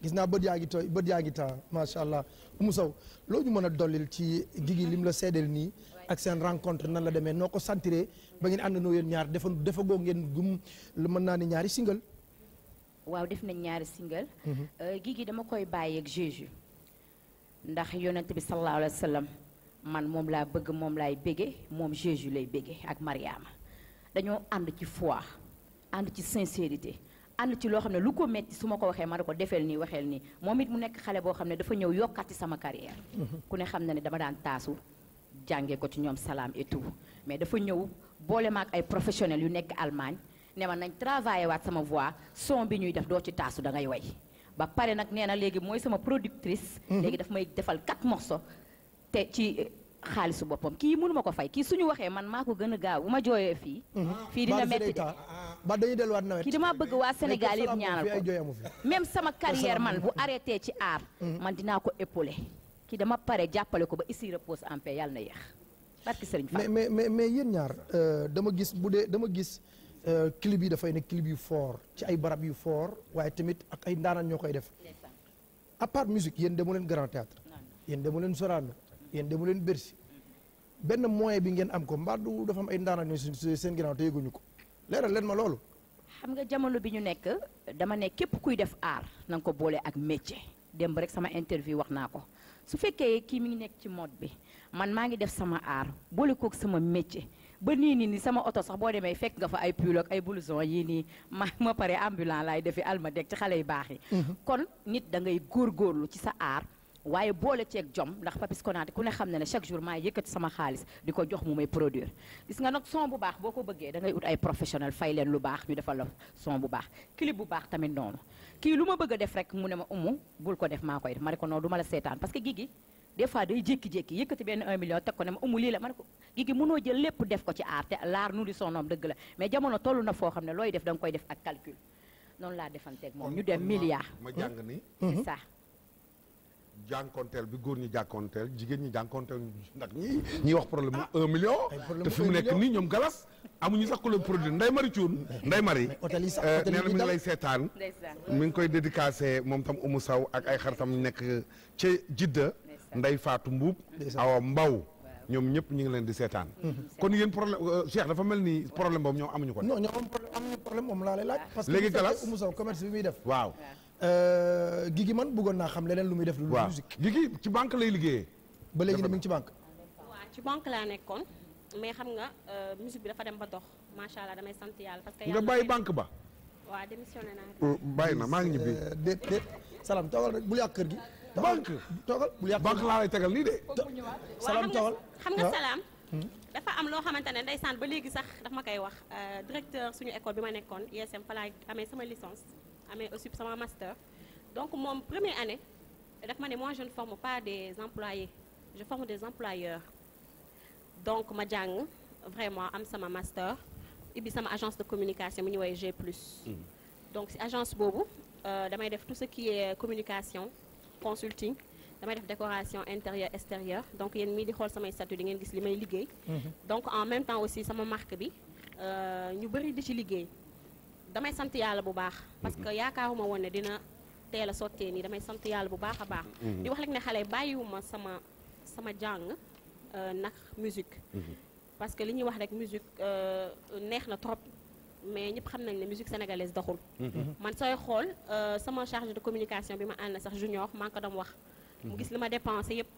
gis naa bët yaa ngi tooy bët yaa ngi taa macha allah umu saw loo ñu mën a dollil ci gigi lim la seedeel nii. ak seen rencontre nan la demee noo ko sentiree ba ngeen àndandoo yéen ñaar defa defagoo ngeen gum lu mën naa ne ñaari single. waaw def nañ ñaari single. Mhm. Euh, Guigui dama koy bàyyi ak Jésus ndax yonent bi sallallahu alayhi man moom laa bëgg moom laay bége moom Jésus lay ak Mariama dañoo ànd ci foi ànd ci sincérité ànd ci loo xam ne lu ko metti su ma ko waxee ma ne ko defeel nii waxeel nii moom it mu nekk xale boo xam ne dafa ñëw yokkati sama carrière. Mhm. ku ne xam na ne dama daan taasu jàngee ko ci ñoom salaam et mais dafa ñëw boole ma ak ay professionnels yu nekk Allemagne. ne ma nañ travaillé waat sama voix son bi ñuy def doo ci taasu da ngay way ba pare nag nee na léegi mooy sama productrice. Mhm. léegi daf may defal quatre so te ci. Eh, xaalisu boppam kii mënuma ko fay kii suñu waxee man maa ko gën a gaaw bu ma jooyee fii. Mhm. fii dina metti de ah, ba dañuy delluwaat nawet. kii damaa bëgg waa Sénégal yëpp ñaanal ko même sama carrière man bu arrêté ci aar. Mhm. man dinaa ko épauler. kii dama pare jàppale ko ba ici repose en paix yàlla na yeex barki Sëriñ Fall mais mais mais euh, dama gis bu dee dama gis. Euh, clip yi dafay nekk clip yu foor ci ay barab yu foor waaye tamit ak ay ndaanaan ñoo koy def à part musique yéen demu leen grand théâtre yéen demu leen Sorano yéen demu leen Bercy benn moyen bi ngeen am ko mbaa du dafa ay ndaanaan ñoo seen ginnaaw te yëguñu ko leeral leen ma loolu xam nga jamono bi ñu nekk dama ne képp kuy def aar na ko boole ak métier démb rek sama interview wax naa ko su fekkee kii mi ngi nekk ci mode bi man maa ngi def sama art boole kook sama métier ba nii nii ni sama oto sax boo demee fekk nga fa ay pull ak ay blouson yii nii ma ma pare ambulant laay defi almadeg ci xale yu baax yi mhm. kon nit da ngay góorgóorlu ci sa aar waaye boole ceeg jom ndax Papis Konaté ku ne xam ne ne chaque jour maa yëkkati sama xaalis di ko jox mu may produire gis nga nag son bu baax boo ko bëggee da ngay ut ay professionnel fay leen lu baax ñu defal la son bu baax clip bu baax tamit noonu kii lu ma bëgg a def mu ne ma umu bul ko def maa koy def ma ne ko noonu ma la seetaan parce que gigi des fois day jékki-jékki yëkkati benn 1 million teg ko ne ma umu lii la ma ne ko gi mënoo jël lépp def ko ci aar te l'art nourrit son homme dëgg la mais jamono toll na foo xam ne looy def da nga koy def ak calcul noonu laa defanteeg moom ñu dem milliard ma jàng ni hmm? c'est bi góor ñi jànkonteel jigéen ñi jànkonteel ndax ñi ñi wax problème ah. un million te fi mu nekk nii ñoom galas amuñu sax ku leen produit nday mari cuun nday mari euh, nee na mi ngi lay seetaan mi ngi koy dédicacé moom tam umu saw ak ay xaritam nekk ca jidda Ndeye Fatou Mbuub Awa Mbaw ñoom ñëpp ñu ngi leen di seetaan kon yéen problème euh, Cheikh dafa mel ni problème boobu ñoom amuñu ko non ñoom amuñu problème moom laa lay laaj parce que léegi galas Oumou muy def euh, man bëggoon naa xam leneen lu muy def lu musique Guigui ci banque lay liggéeyee ba léegi ne mi ngi ci banque waaw ci banque laa nekkoon mais xam nga euh, musique bi dafa dem ba dox macha allah damay sant yàlla parce que bàyyi banque ba waaw démissionné naa bàyyi na maa ngi ñibbi déet déet salaam toogal rek bul yàq kër gi banque toogal bul yàq banque laa lay tegal lii de. salaam xam nga salaam. Hmm. dafa am loo xamante ne ndeysaan ba léegi sax daf ma koy wax euh, directeur suñu école bi ma nekkoon ISM fa amee sama licence amee aussi sama master donc moom première année daf ma ne moi je ne forme pas des employés je forme des employeurs donc ma jàng vraiment am sama master ibbi sama agence de communication mu ñu woowee G plus hmm. donc si agence boobu euh, damay def tout ce qui est communication consulting damay def décoration intérieure extérieure donc yéen mii di xool samay statut di ngeen gis li may liggéey mhm. donc en même temps aussi sama marque bi euh, ñu bëri di ci liggéey damay sant yàlla bu baax parce que mhm. yaakaaruma woon ne dina teel a sottee nii damay sant yàlla bu baax a baax mhm. di wax rek ne xale bàyyiwuma sama sama jàng euh, nag musique parce que li ñuy wax rek musique euh, neex na trop mais ñëpp xam nañ ne musique sénégalaise doxul. Mhm. man sooy xool euh, sama chargé de communication bi ma ànd sax junior maa ko doon wax. mu gis li ma dépensé yëpp.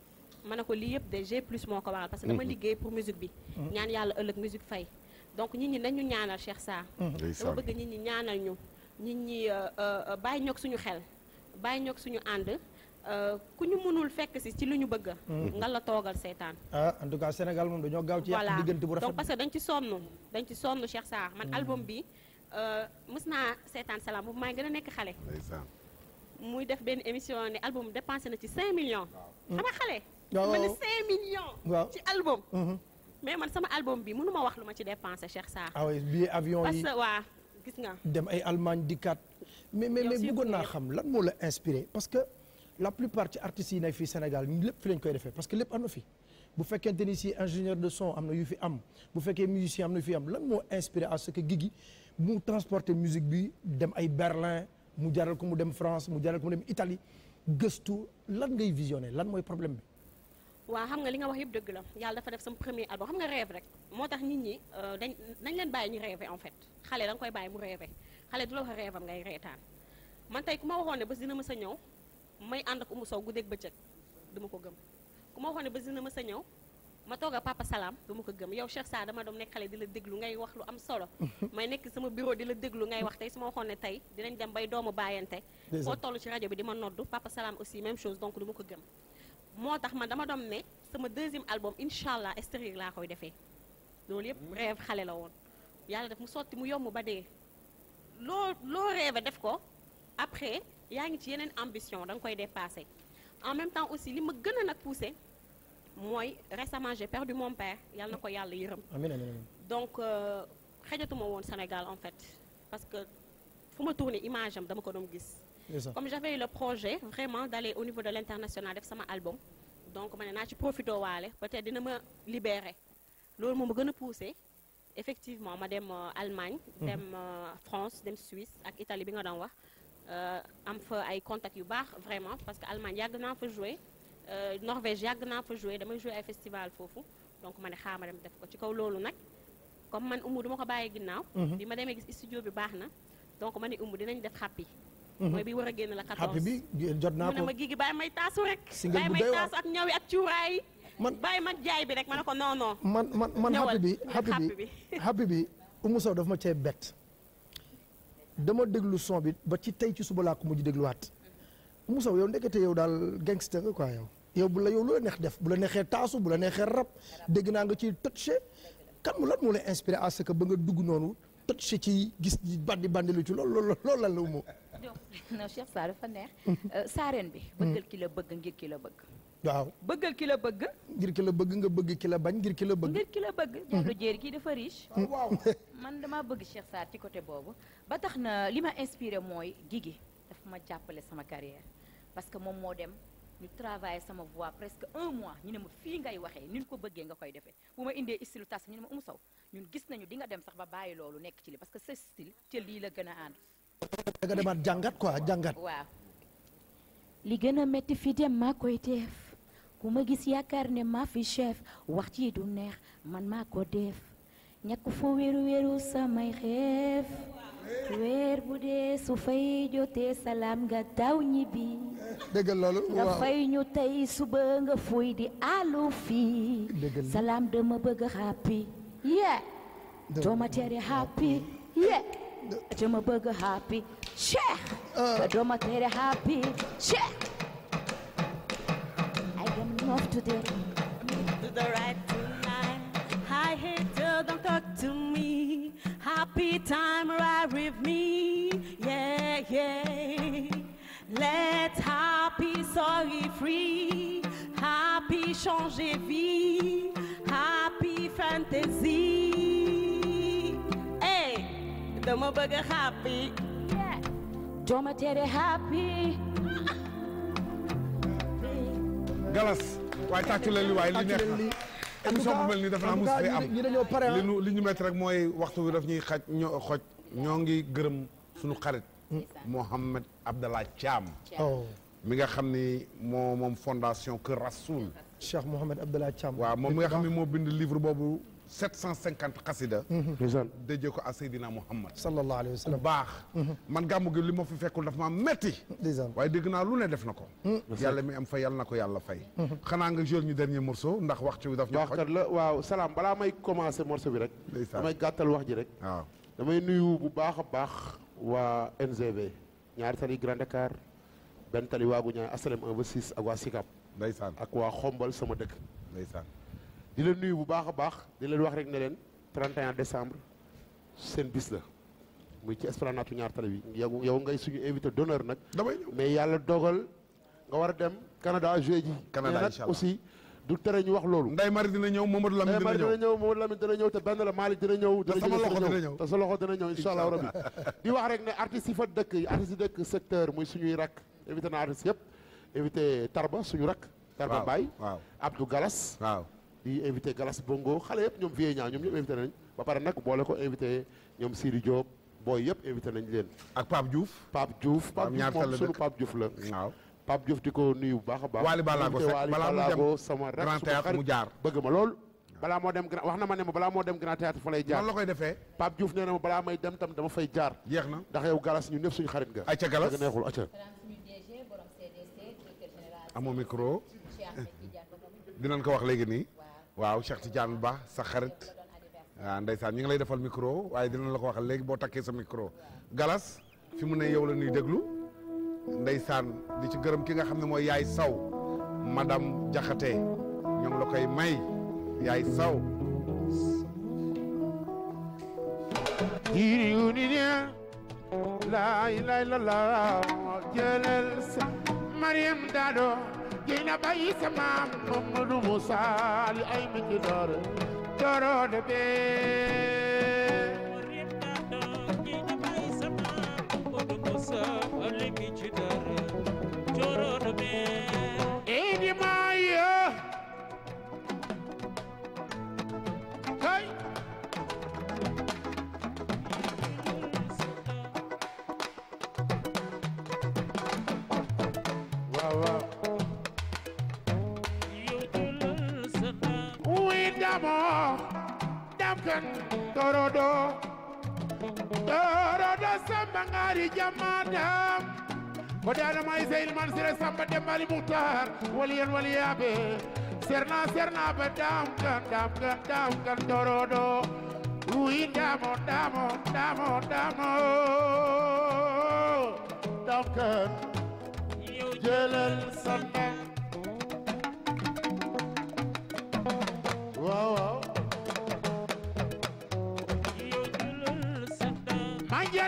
ma ne ko lii yëpp de G plus moo ko waral parce que dama mhm. liggéey pour musique bi. Mhm. ñaan yàlla ëllëg musique fay. donc nit ñi nañu ñaanal Cheikh saa dama bëgg nit ñi ñaanal ñu. nit ñi euh, euh, bàyyi ñoog suñu xel bàyyi ñoog suñu ànd. ku ñu mënul fekk si ci lu ñu bëgg hmm. nga la toogal seetaan ah en tout cas Sénégal moom dañoo gaaw ci yàq diggante bu rafet donc parce que dañ ci sonn dañ ci sonn Cheikh Sarr man hmm. album bi euh, mës naa seetaan salaam boobu maa gën a nekk xale muy def benn émission ne album dépensé na ci cinq millions hmm. xam nga xale ma ne cinq ci album mais man sama album bi mënu ma wax lu ma ci dépensé Cheikh Sarr ah parce que waa gis nga dem ay Allemagne dikkaat mais mais mais bëggoon naa xam lan moo la inspiré la plupart ci artistes yi nay fii Sénégal lépp fi lañ koy defee parce que lépp am na fi bu fekkente ni si ingénieur de son am na yu fi am bu fekkee musicien am na yu fi am lan moo inspiré à ce que Guigui mu transporter musique bi dem ay Berlin mu jaral ko mu dem France mu jaral ko mu dem Italie gëstu lan ngay visionné lan mooy problème bi. waa xam nga li nga wax yëpp dëgg la yàlla dafa def sama premier album xam nga rêve rek moo tax nit ñi euh, dañ dañ leen bàyyi ñu rêver en fait xale da nga koy bàyyi mu rêver xale du la wax rêve am man tey ku ma waxoon ne bés dina a ñëw may ànd ak Oumou Sow guddeeg bëccëg duma ko gëm ku ma waxoon ne ba na ma sa ñëw ma toog a papa salaam duma ko gëm yow Cheikh Sarr dama doom nekk xale di la déglu ngay wax lu am solo may nekk sama bureau di la déglu ngay wax tey su ma waxoon ne tey dinañ dem bay doomu bàyyante foo toll ci rajo bi di ma noddu papa salaam aussi même chose donc duma ko gëm moo tax ma dama doom ne sama deuxième album incha allah extérieur laa koy defee loolu yëpp rêve xale la woon yàlla def mu sotti mu yomb ba dee loo loo def ko après yaa ngi ci yeneen ambition da nga koy dépasser en même temps aussi li ma gën a nag poussé mooy récemment j'ai perdu mon père yal na ko yàlla yërëm donc euh, xajatuma woon Sénégal en fait parce que fu ma tourné image dama ko doon gis comme j'avais eu le projet vraiment d'aller au niveau de l'international def sama album donc ma ne naa ci profité waale peut-être dina ma libéré loolu moom a gën a poussé effectivement ma dem euh, Allemagne mm-hmm. dem euh, France dem Suisse ak Italie bi nga doon wax Euh, am fa ay contacts yu baax vraiment parce que Allemagne yàgg naa fa jouer euh, Norvège yàgg naa fa jouer damay jouer ay festival foofu donc ma xaama dem def ko ci kaw loolu nag comme man umu duma ko bàyyi ginnaaw mhm. bi ma demee gis studio bi baax na donc ma ne umu dinañ def xàppi mhm. mooy bi war a génn la 14 xàppi bi jot naa ko mu ne ma gigi bàyyi may taasu rek bàyyi may taasu ak ñaw yi ak cuuraay man bàyyi ma jaay bi rek ma ne ko non man man man xàppi bi xàppi bi xàppi bi umu sow daf ma cee bett dama déglu son bi ba ci tey ci suba laa ko mujj dégluwaat Moussa yow ndekete yow daal gangster nga quoi yow yow bu la yow lu la neex def bu la neexee taasu bu la neexee rap dégg naa nga ciy touché kan mu lan moo lay inspiré à que ba nga dugg noonu touché ci gis bandi bandi lu ci lool lool loolu lan la umoo. donc non Cheikh Sarr euh, bi. bëggal hmm. ki la bëgg ngir bëgg. waaw bëggal ki la bëgg. ngir ki la bëgg nga bëgg ki la bañ ngir ki la bëgg. ngir ki la bëgg. Mhm. dafa riche. Mm. Oh, waaw man damaa bëgg Cheikh Sarr ci côté boobu ba tax na li ma inspiré mooy gi dafa ma jàppale sama carrière parce que moom moo dem ñu travaillé sama voix presque un mois ñu ne ma fii ngay waxee ni ñu ko bëggee nga koy defee bu ma indee style tas ñu ne ma umu saw ñun gis nañu di nga dem sax ba bàyyi loolu nekk ci li parce que sa style ca la gën a ànd. da nga jàngat quoi jàngat. waaw. li ku ma gis yaakaar ne maa fi chef wax ci du neex man maa ko def ñàkk foo wéeru wéeru samay xeef weer bu dee su fay jotee salaam nga daw ñibbi dëgg loolu nga fay ñu tey suba nga fuy di alu fii salaam dama bëgg happy yeah dooma tere happy yeah dama bëgg happy cheikh ah. dooma tere happy cheikh move to the to the right tonight. I hate to don't talk to me. Happy time right with me. Yeah, yeah. Let's happy sorry free. Happy changer vie. Happy fantasy. Hey, dama bëgg happy. Yeah. Dama tere happy. galas waaye tàccu leen waaye li neex na émission bu mel nii dafa naa mos fee am ah. li ñu li ñu métti rek mooy waxtu wi daf ñuy xaj ñoo xoj ñoo ngi gërëm sunu xarit mm. Mohamed Abdallah Thiam oh. mi nga xam ni moo moom fondation Kër Rasoul Cheikh Mohamed Abdallah caam waa moom mi nga xam ni moo bindi livre boobu 750 xasida dëjee ko à Seydina Muhammad sallallahu alayhi wa sallam baax man gàmmu gi li ma fi fekkul daf ma metti waaye dégg naa lu ne def na ko yàlla mi am fay yàlla na ko yàlla fay mhm. xanaa nga jël ñu dernier morceau ndax wax ci daf ñu waxkat la waaw salaam balaa may commencer morceau bi rek damay gàttal wax ji rek waaw damay nuyu bu baax a baax waa NGB ñaari tali Grand Dakar benn tali waagu ñaar asalem 1 ba 6 ak waa Sicap ndeysaan ak waa xombal sama dëkk ndeysaan di leen nuyu bu baax a baax di leen wax rek ne leen 31 décembre seen bis la muy ci esplanade ñaar tali bi yow yow ngay suñu invité d'honneur nag. damay mais yàlla dogal nga war a dem Canada joué ji. Canada incha aussi du tere ñu wax loolu. Ndeye Marie dina ñëw Mamadou Lamine dina dina ñëw te benn la Malick dina ñëw. te sama loxo dina ñëw te sa loxo dina ñëw incha allah rabbi di wax rek ne artistes yi fa dëkk yi artistes yi dëkk secteur muy suñuy rakk invité na artistes yëpp invité Tarba suñu rakk. Tarba Mbaye Abdou Galas waaw di invité Galas Bongo xale yëpp ñoom Vieux ñaa ñoom ñëpp invité nañ ba pare nag boole ko invité ñoom Sidi Diop booy yëpp invité nañ leen. ak Pape Diouf. Pape Diouf Pape Diouf moom sunu Pape Diouf la. waaw Pape Diouf di ko nuyu bu baax a baax. Waly Ballago Seck balaa mu dem sama grand mu jaar bëgg ma lool. balaa moo dem grand wax na ma ne ma balaa moo dem grand théâtre fa lay jaar koy defee Pape Diouf nee tam dama fay jaar jeex na ndax yow galas ñun ñëpp suñu xarit nga acca galas nga neexul acca amoo micro dinañ ko wax léegi nii waaw Cheikh Tidiane Ba sa xarit waaw ndeysaan ñu ngi lay defal micro waaye dinañ la ko waxal léegi boo takkee sa micro galas fi mu ne yow la ñuy déglu ndeysaan di ci gërëm ki nga xam ne mooy yaay saw madame Jaxate ñoo ngi la koy may yaay saw iriu ni ne laa ilaaha illallaah jëlal sa Mariam Dado dina bàyyi sa maam Mamadou Moussa li ay mi ci door dooroon bee dina bàyyi sa maam Mamadou Moussa li mi ci door kan torodo torodo samba ngari jamatam ko danama isayil man sire samba dembali muhtar waliyan waliyaɓe serna sernaɓe dam kan dam kan dam kan torodo uyi damo damo damo damo dam kan jelal sanda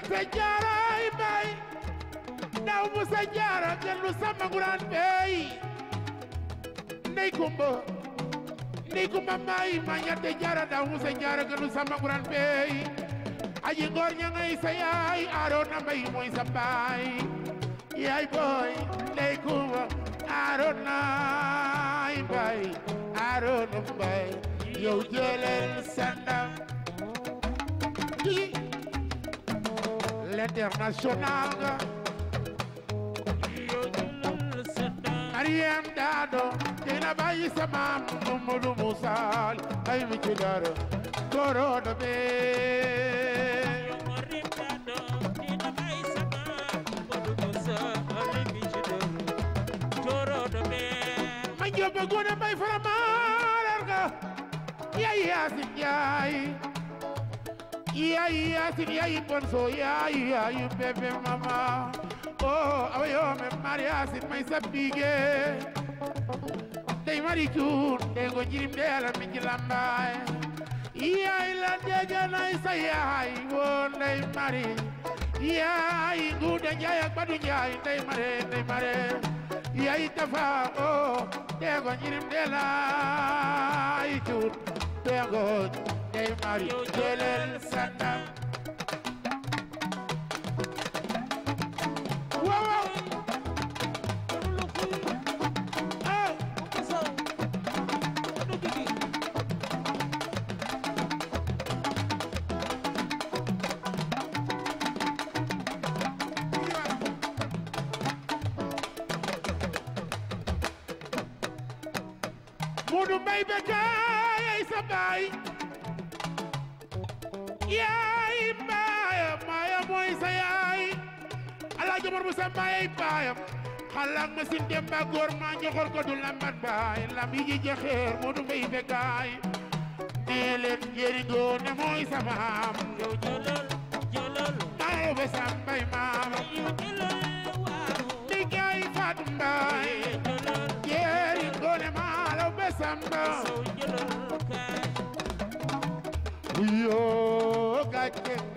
te jaaraay bay ndaw musa jaara te lu sama nguraan bay ndey kumba ndey kumba may ma ñatte jaara ndaw musa jaara te lu sama nguraan bay aji ngoor ña ngay sa yaay aaroona mbay mooy sa baay yaay booy ndey kumba aaroona mbay aaroona mbay yow jëlel san international nga Mariam Dado dina bàyyi sa maam Mamadou Moussa ay mi ci dara korona be Mariam Dado dina bàyyi sa ma jobba gona bay fara maalar nga yaay yaasin yaay yayi yasin yayi bonso e yayi yayi e bebe mama oh awayo me mari yasin may sabbige dey mari cuun dey go jirim dey ala mi jilambay yayi eh. lande janay sayay won dey mari yayi nguda njaya gbadu njay dey mare dey mare yayi e tafa oh dey go jirim dey lay cuun dey go Ndey Mari jëlal sa ndam Mudu Mbay Bekaay ay sa baay yaay baayam maayam mooy sa yaay alaaji Umar Musa maayay baayam xalaat ma sin ba góor ma ko du lambat baay lam yi ji jaxeer du mbay fekkaay nee leen jërigo ne maam yow jëlal jëlal maayoo be sa mbay maam yow jëlal waaw di gaay faat mbaay jërigo be sa mbaam yow jëlal kaay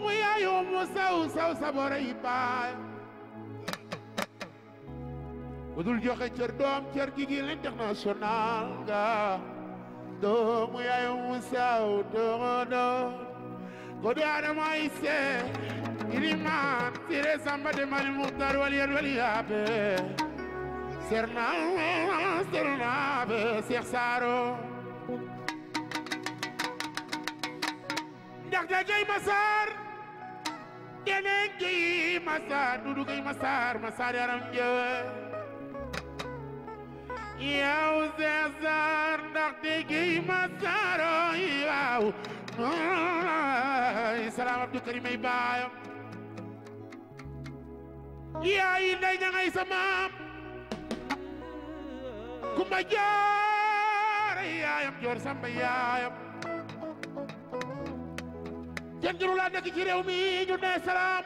mu yaayu mu saw saw saboray baay ku dul joxe cër doom cër gi gi l'international ga doomu yaayu mu saw doono godo adama ise iliman tire samba de mali muhtar waliyat waliyabe serna serna be Seex Saaro ndax da jay masar gene geyi masar dudu geyi masar masar yaram jewe yaw sesar ndaxte geyi masar yaw salaam abdou karim ay baayam yaay ndey ñangay sa maam kumba joor yaayam joor samba yaayam kenn gënu laa nekk ci réew mi ñu ne salaam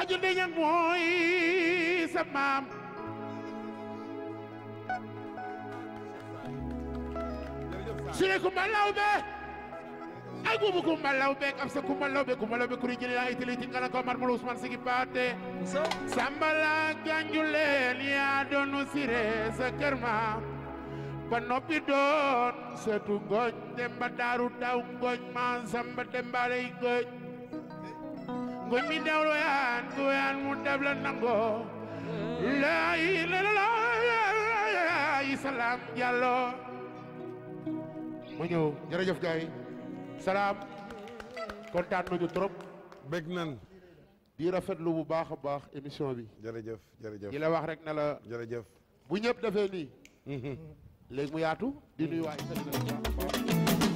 aji ndey ñang mooy sa maam ab sa kumba lawbe kumba lawbe kuri jëli naa itali ci ngana ko marmul Ousmane sigi paate sambala ganjuleen doonu sire sa kër maam ba noppi doon setu gooñ demba daaru daw gooñ maa samba demba lay gooñ gooñ mi daw looyaan gooyaan mu dab la nangoo lay la salaam jàllo mu ñëw jërëjëf gaay salaam kontaan nañu trop bég nan di rafetlu bu baax a baax émission bi jërëjëf jërëjëf di la wax rek na la jërëjëf bu ñëpp defee nii mm-hmm. léegi mu yaatu di nuyu waa Italie